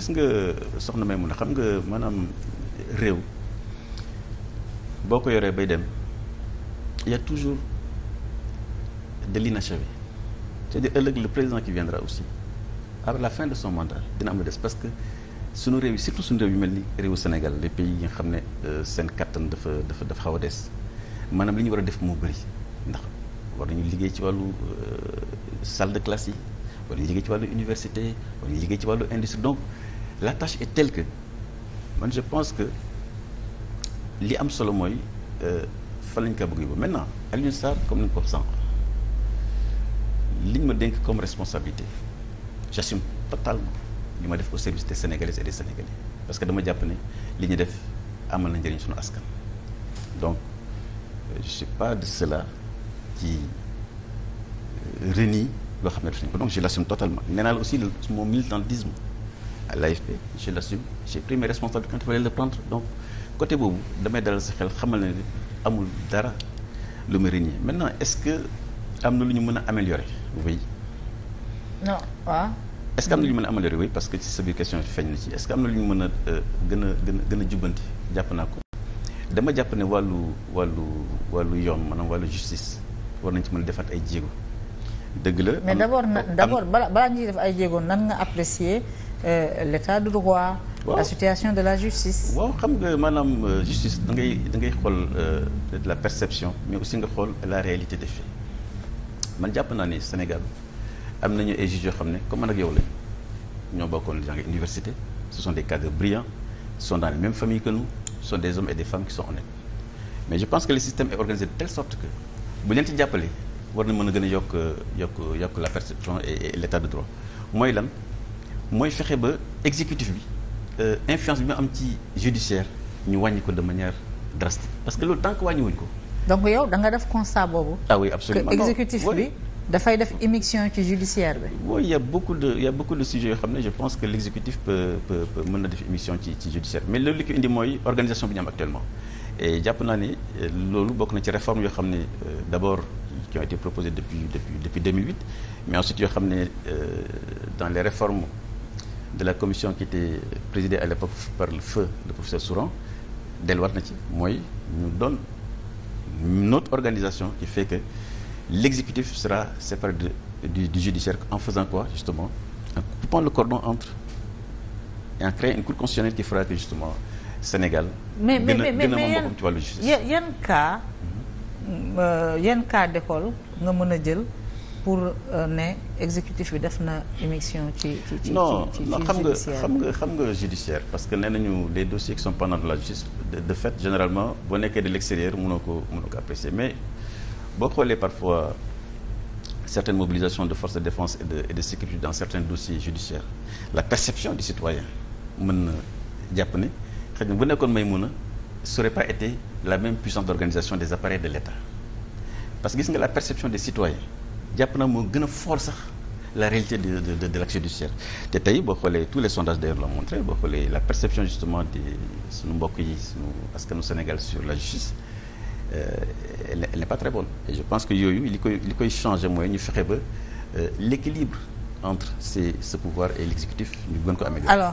gis nga soxna may mun a xam nga maanaam réew boo ko yoree bay dem y toujours de l'inachevé c'est-à-dire ëllëg le président qui viendra aussi à la fin de son mandat dina am la des parce que suñu réew yi surtout suñu réew yu mel ni réewu Sénégal les pays yi nga xam ne euh, seen kattan dafa dafa dafa xaw a des maanaam li ñu war a def moo bëri ndax war nañu liggéey ci wàllu euh, salle de classe yi war nañu liggéey ci wàllu université war nañu liggéey ci wàllu industrie donc la tâche est telle man je pense que li am solo mooy euh, fan lañ koy bëgg yóbbu maintenant Alioune Sarr comme ni nga ko sànq liñ ma dénk comme responsabilité j'assume totalement li ma def au service des Sénégalaises et de Sénégalais parce que dama jàpp ne li ñu def amal na njëriñ suñu askan donc euh, je suis pas de cela ci euh, reni yoo xam ne def nañ ko donc je l'assume à l'AFP je l'assume j'ai pris mes responsabilités quand il fallait le prendre donc côté boobu damay dalal sa xel xamal ne amul dara lu ma rëññee maintenant est-ce que am na lu ñu mën a améliorer oui. non waaw. est-ce que am na lu ñu mën a améliorer oui parce que ci sa biir question feeñ na ci est-ce que am na lu ñu mën a euh, gën a gën a gën a jubbanti jàpp naa ko. dama jàpp ne wàllu wàllu wàllu yoon maanaam wàllu justice war nañ ci mën a defaat ay jéego dëgg la. mais d'abord Euh, l' état de droit. Wow. la situation de la justice. waaw xam nga maanaam euh, justice da ngay da ngay xool euh, de la perception mais aussi nga xool la réalité des faits man jàpp naa ni Sénégal am na ñu ay juges yoo xam ne comme man ak yow lañ ñoo bokkoon jàng université ce sont des cadres brillants sont dans les mêmes familles que nous sont des hommes et des femmes qui sont honnêtes mais je pense que le système est organisé de telle sorte que bu leen ci jàppale war na mën a gën a yokk yokk yokk la et l'état de droit mooy lan mooy fexe ba exécutif bi euh, influence bi mu am ci judiciaire ñu wàññi ko de manière drastique parce que loolu tant que ko. donc yow da nga def constat boobu. ah oui absolument que exécutif bi. dafay def immixtion ci judiciaire bi. oui y' a beaucoup de y' beaucoup de sujets yoo xam ne je pense que l' exécutif peut na def immixtion ci ci judiciaire mais loolu li ko indi mooy organisation bi ñu am actuellement. et jàpp naa ne euh, loolu bokk na ci réforme yoo xam ne euh, d' abord qui ont été proposées depuis depuis depuis 2008 mais ensuite yoo xam ne dans les réformes. de la commission qui était présidée à l'époque par le feu le professeur Souran delluwaat na ci mooy ñu doon notre organisation qui fait que l'exécutif sera séparé du, du en faisant quoi justement en coupant le cordon entre et en créant une cour constitutionnelle qui fera que justement Sénégal mais mais mais mais mais yan cas mm-hmm. euh, yan cas d'école nga mën a jël pour euh, ne exécutif bi def na émission ci ci ci non xam nga xam nga xam nga judiciaire parce que nee nañu les dossiers qui sont pendant de la justice de fait généralement boo nekkee de l'extérieur mënoo ko mënoo ko apprécier mais boo xoolee parfois certaines mobilisations de forces de défense et de et de sécurité dans certains dossiers judiciaires la perception du citoyen mën na jàpp ne xëy na bu nekkoon may mun a serait pas été la même puissance d'organisation des appareils de l'État parce que gis nga la perception des citoyens jàpp naa moo gën a fort sax la réalité de de de, de te tey boo xoolee tous les sondages d'ailleurs l'ont montré boo xoolee la perception justement de suñu mbokk yi suñu askanu Sénégal sur la justice euh, elle, elle pas très bonne je pense que yooyu li koy li koy changer mooy ñu fexe ba euh, l'équilibre entre ces ce pouvoir et l'exécutif ñu gën ko améliorer